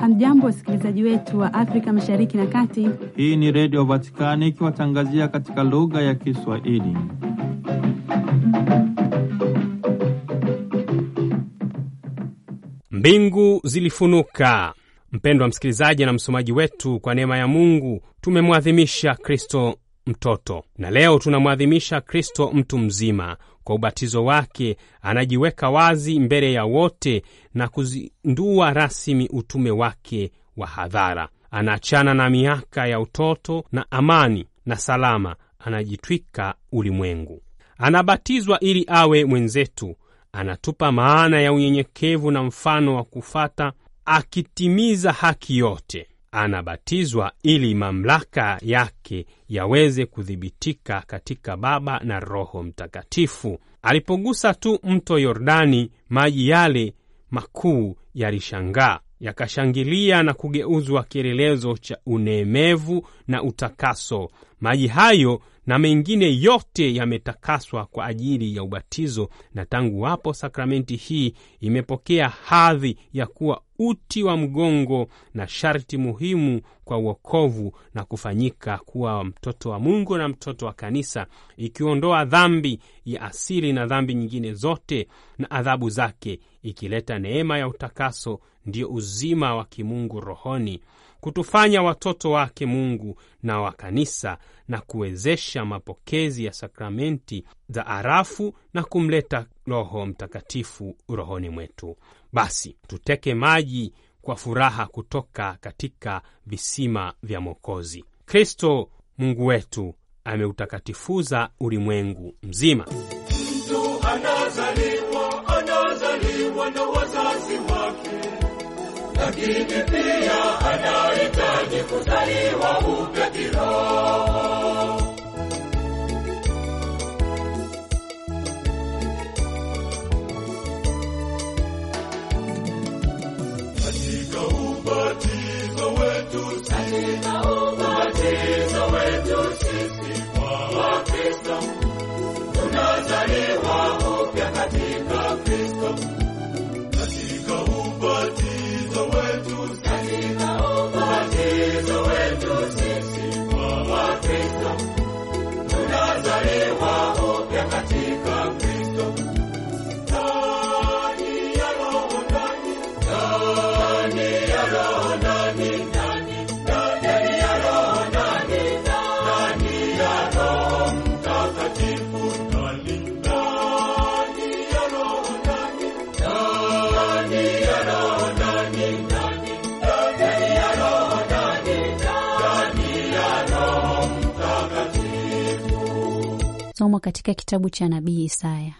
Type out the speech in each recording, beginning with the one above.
Hamjambo, wasikilizaji wetu wa Afrika mashariki na kati. Hii ni Redio Vatikani ikiwatangazia katika lugha ya Kiswahili. Mbingu zilifunuka. Mpendwa msikilizaji na msomaji wetu, kwa neema ya Mungu tumemwadhimisha Kristo mtoto, na leo tunamwadhimisha Kristo mtu mzima. Kwa ubatizo wake anajiweka wazi mbele ya wote na kuzindua rasmi utume wake wa hadhara. Anaachana na miaka ya utoto na amani na salama, anajitwika ulimwengu. Anabatizwa ili awe mwenzetu, anatupa maana ya unyenyekevu na mfano wa kufata, akitimiza haki yote anabatizwa ili mamlaka yake yaweze kuthibitika katika Baba na Roho Mtakatifu. Alipogusa tu mto Yordani, maji yale makuu yalishangaa, yakashangilia na kugeuzwa kielelezo cha uneemevu na utakaso. Maji hayo na mengine yote yametakaswa kwa ajili ya ubatizo, na tangu hapo sakramenti hii imepokea hadhi ya kuwa uti wa mgongo na sharti muhimu kwa uokovu na kufanyika kuwa mtoto wa Mungu na mtoto wa kanisa, ikiondoa dhambi ya asili na dhambi nyingine zote na adhabu zake, ikileta neema ya utakaso, ndio uzima wa kimungu rohoni kutufanya watoto wake Mungu na wa kanisa na kuwezesha mapokezi ya sakramenti za arafu na kumleta Roho Mtakatifu rohoni mwetu. Basi tuteke maji kwa furaha kutoka katika visima vya Mwokozi. Kristo Mungu wetu ameutakatifuza ulimwengu mzima. Mtu anazaliwa, anazaliwa na lakini pia anahitaji kuzaliwa upya kiroho. Kristo tunazaliwa upya katika Kristo. yamo katika kitabu cha nabii Isaya.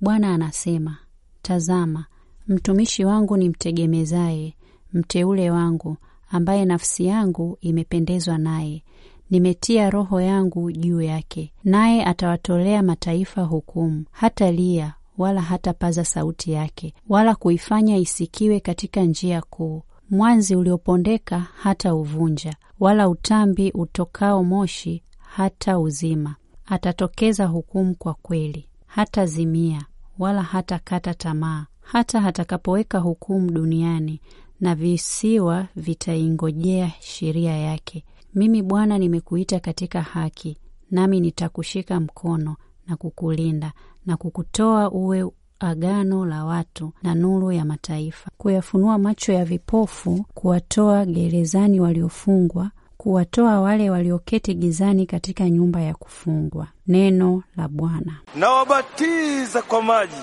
Bwana anasema, tazama, mtumishi wangu nimtegemezaye, mteule wangu, ambaye nafsi yangu imependezwa naye. Nimetia roho yangu juu yake, naye atawatolea mataifa hukumu. Hata lia wala hatapaza sauti yake, wala kuifanya isikiwe katika njia kuu. Mwanzi uliopondeka hata uvunja, wala utambi utokao moshi hata uzima atatokeza hukumu kwa kweli, hata zimia wala hata kata tamaa, hata atakapoweka hukumu duniani, na visiwa vitaingojea sheria yake. Mimi Bwana nimekuita katika haki, nami nitakushika mkono na kukulinda na kukutoa uwe agano la watu na nuru ya mataifa, kuyafunua macho ya vipofu, kuwatoa gerezani waliofungwa, kuwatoa wale walioketi gizani katika nyumba ya kufungwa. Neno la Bwana. Nawabatiza kwa maji,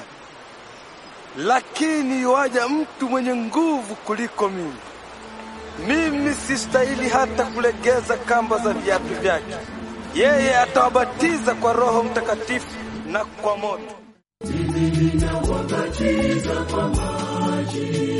lakini yuaja mtu mwenye nguvu kuliko mimi. Mimi sistahili hata kulegeza kamba za viatu vyake. Yeye atawabatiza kwa Roho Mtakatifu na kwa moto. Mimi ninawabatiza kwa maji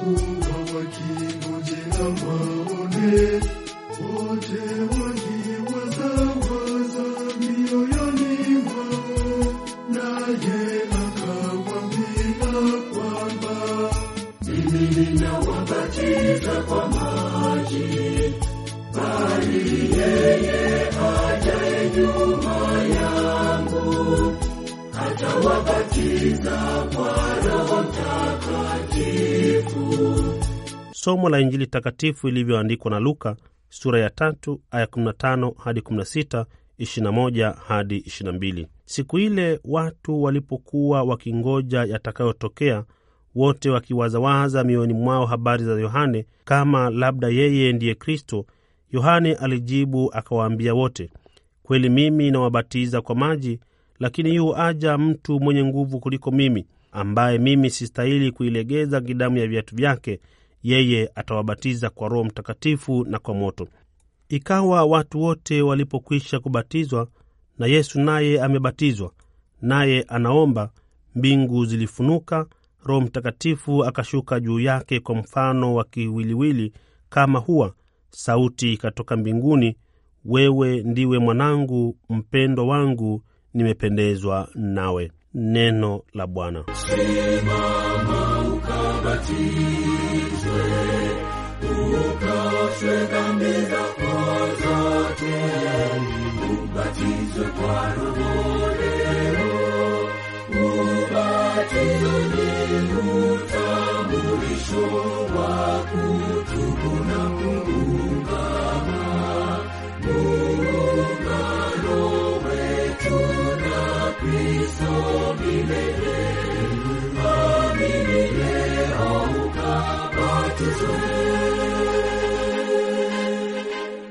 Somo la Injili takatifu ilivyoandikwa na Luka sura ya tatu aya 15 hadi 16, 21 hadi 22. Siku ile watu walipokuwa wakingoja yatakayotokea, wote wakiwazawaza mioyoni mwao habari za Yohane kama labda yeye ndiye Kristo, Yohane alijibu akawaambia wote, kweli mimi nawabatiza kwa maji lakini yu aja mtu mwenye nguvu kuliko mimi, ambaye mimi sistahili kuilegeza gidamu ya viatu vyake. Yeye atawabatiza kwa Roho Mtakatifu na kwa moto. Ikawa watu wote walipokwisha kubatizwa, na Yesu naye amebatizwa, naye anaomba, mbingu zilifunuka, Roho Mtakatifu akashuka juu yake kwa mfano wa kiwiliwili kama huwa Sauti ikatoka mbinguni, wewe ndiwe mwanangu mpendwa wangu, nimependezwa nawe. Neno la Bwana. Simama ukabatizwe, ukaswe dhambi zako zote, ubatizwe kwa Roho leo. Ubatizo ni utambulisho wa kutubu na kubu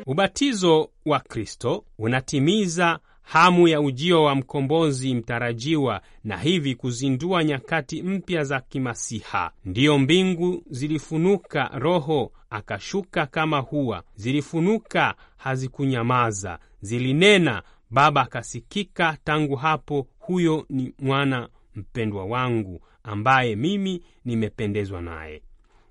Ubatizo wa Kristo unatimiza hamu ya ujio wa mkombozi mtarajiwa na hivi kuzindua nyakati mpya za kimasiha. Ndiyo, mbingu zilifunuka, Roho akashuka kama hua. Zilifunuka, hazikunyamaza, zilinena, Baba akasikika. Tangu hapo, huyo ni mwana mpendwa wangu ambaye mimi nimependezwa naye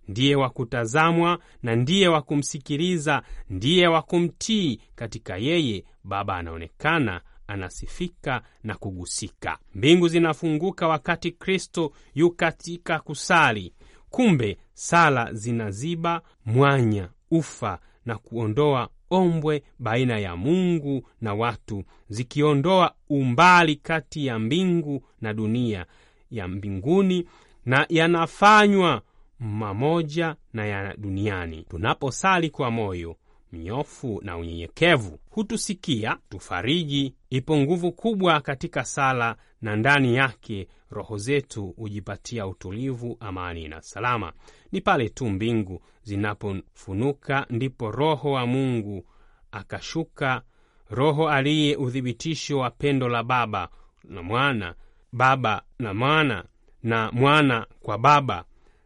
ndiye wa kutazamwa na ndiye wa kumsikiliza, ndiye wa kumtii. Katika yeye Baba anaonekana, anasifika na kugusika. Mbingu zinafunguka wakati Kristo yu katika kusali. Kumbe sala zinaziba mwanya, ufa na kuondoa ombwe baina ya Mungu na watu, zikiondoa umbali kati ya mbingu na dunia ya mbinguni, na yanafanywa mamoja na ya duniani. Tunaposali kwa moyo mnyofu na unyenyekevu, hutusikia, tufariji. Ipo nguvu kubwa katika sala, na ndani yake roho zetu hujipatia utulivu, amani na salama. Ni pale tu mbingu zinapofunuka ndipo Roho wa Mungu akashuka, Roho aliye uthibitisho wa pendo la Baba na Mwana, Baba na Mwana na Mwana kwa Baba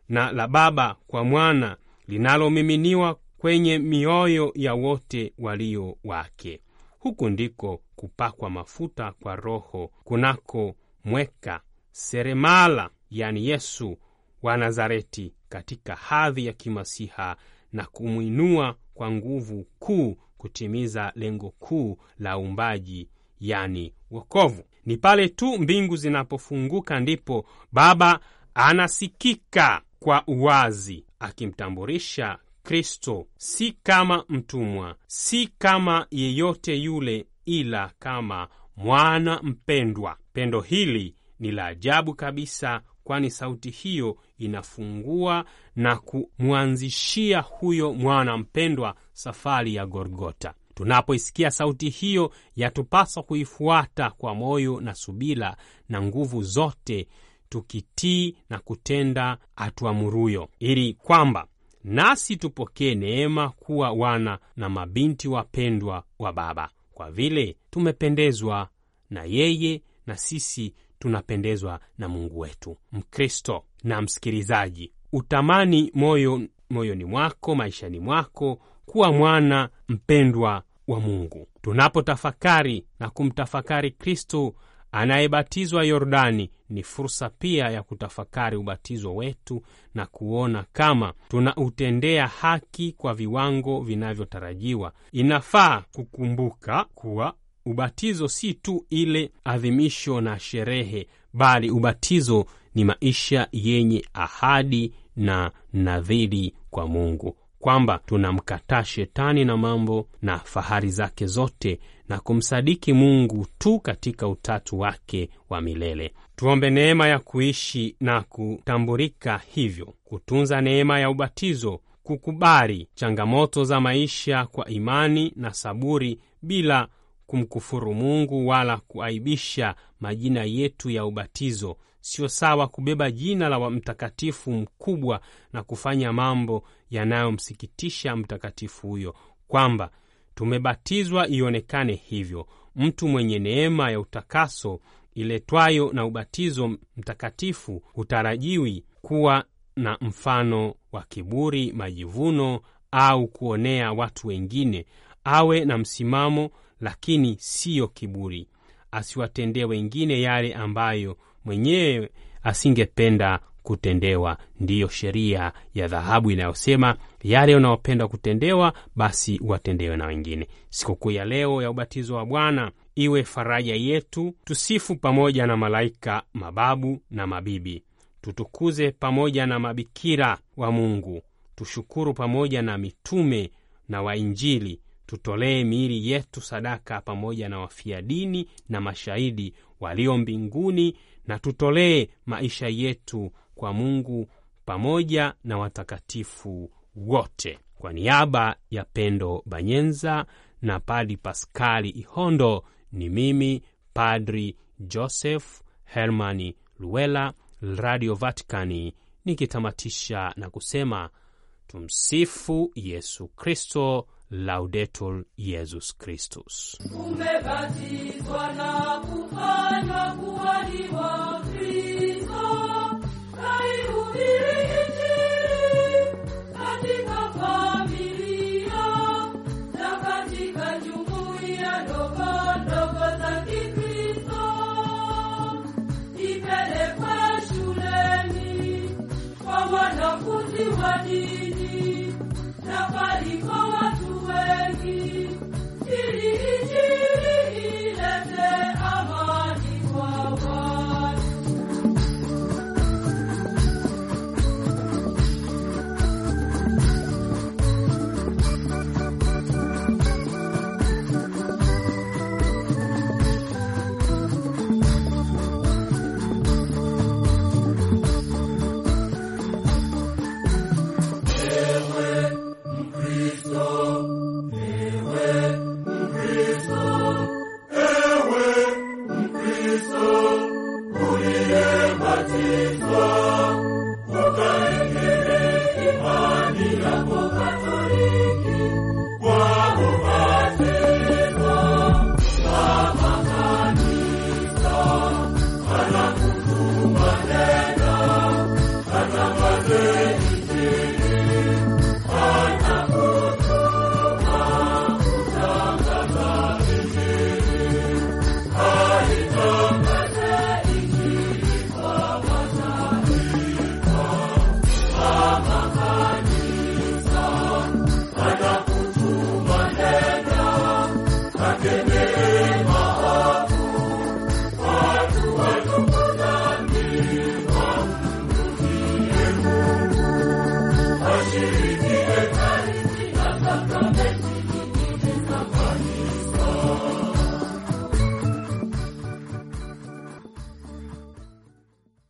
na la Baba kwa Mwana linalomiminiwa kwenye mioyo ya wote walio wake. Huku ndiko kupakwa mafuta kwa Roho kunako mweka seremala, yani Yesu wa Nazareti katika hadhi ya kimasiha na kumwinua kwa nguvu kuu kutimiza lengo kuu la uumbaji, yani wokovu. Ni pale tu mbingu zinapofunguka ndipo Baba anasikika kwa uwazi, akimtambulisha Kristo si kama mtumwa, si kama yeyote yule, ila kama mwana mpendwa. Pendo hili ni la ajabu kabisa, kwani sauti hiyo inafungua na kumwanzishia huyo mwana mpendwa safari ya gorgota Tunapoisikia sauti hiyo, yatupaswa kuifuata kwa moyo na subira na nguvu zote tukitii na kutenda atuamuruyo, ili kwamba nasi tupokee neema kuwa wana na mabinti wapendwa wa Baba, kwa vile tumependezwa na yeye na sisi tunapendezwa na Mungu wetu. Mkristo na msikilizaji, utamani moyo moyoni mwako, maishani mwako, kuwa mwana mpendwa wa Mungu. Tunapotafakari na kumtafakari Kristo Anayebatizwa Yordani ni fursa pia ya kutafakari ubatizo wetu na kuona kama tunautendea haki kwa viwango vinavyotarajiwa. Inafaa kukumbuka kuwa ubatizo si tu ile adhimisho na sherehe, bali ubatizo ni maisha yenye ahadi na nadhiri kwa Mungu kwamba tunamkataa shetani na mambo na fahari zake zote na kumsadiki Mungu tu katika utatu wake wa milele. Tuombe neema ya kuishi na kutamburika hivyo, kutunza neema ya ubatizo, kukubali changamoto za maisha kwa imani na saburi bila kumkufuru Mungu wala kuaibisha majina yetu ya ubatizo sio sawa kubeba jina la mtakatifu mkubwa na kufanya mambo yanayomsikitisha mtakatifu huyo, kwamba tumebatizwa ionekane hivyo. Mtu mwenye neema ya utakaso iletwayo na ubatizo mtakatifu hutarajiwi kuwa na mfano wa kiburi, majivuno au kuonea watu wengine. Awe na msimamo, lakini siyo kiburi, asiwatendee wengine yale ambayo mwenyewe asingependa kutendewa. Ndiyo sheria ya dhahabu inayosema yale unayopenda kutendewa, basi watendewe na wengine. Sikukuu ya leo ya ubatizo wa Bwana iwe faraja yetu. Tusifu pamoja na malaika, mababu na mabibi, tutukuze pamoja na mabikira wa Mungu, tushukuru pamoja na mitume na wainjili, tutolee miili yetu sadaka pamoja na wafia dini na mashahidi walio mbinguni, na tutolee maisha yetu kwa Mungu pamoja na watakatifu wote. Kwa niaba ya Pendo Banyenza na Padri Paskali Ihondo, ni mimi Padri Joseph Hermani Luela, Radio Vaticani, nikitamatisha na kusema tumsifu Yesu Kristo. Laudetur Yesus Kristus. Umebatizwa na kufanywa kuwa Jehovah.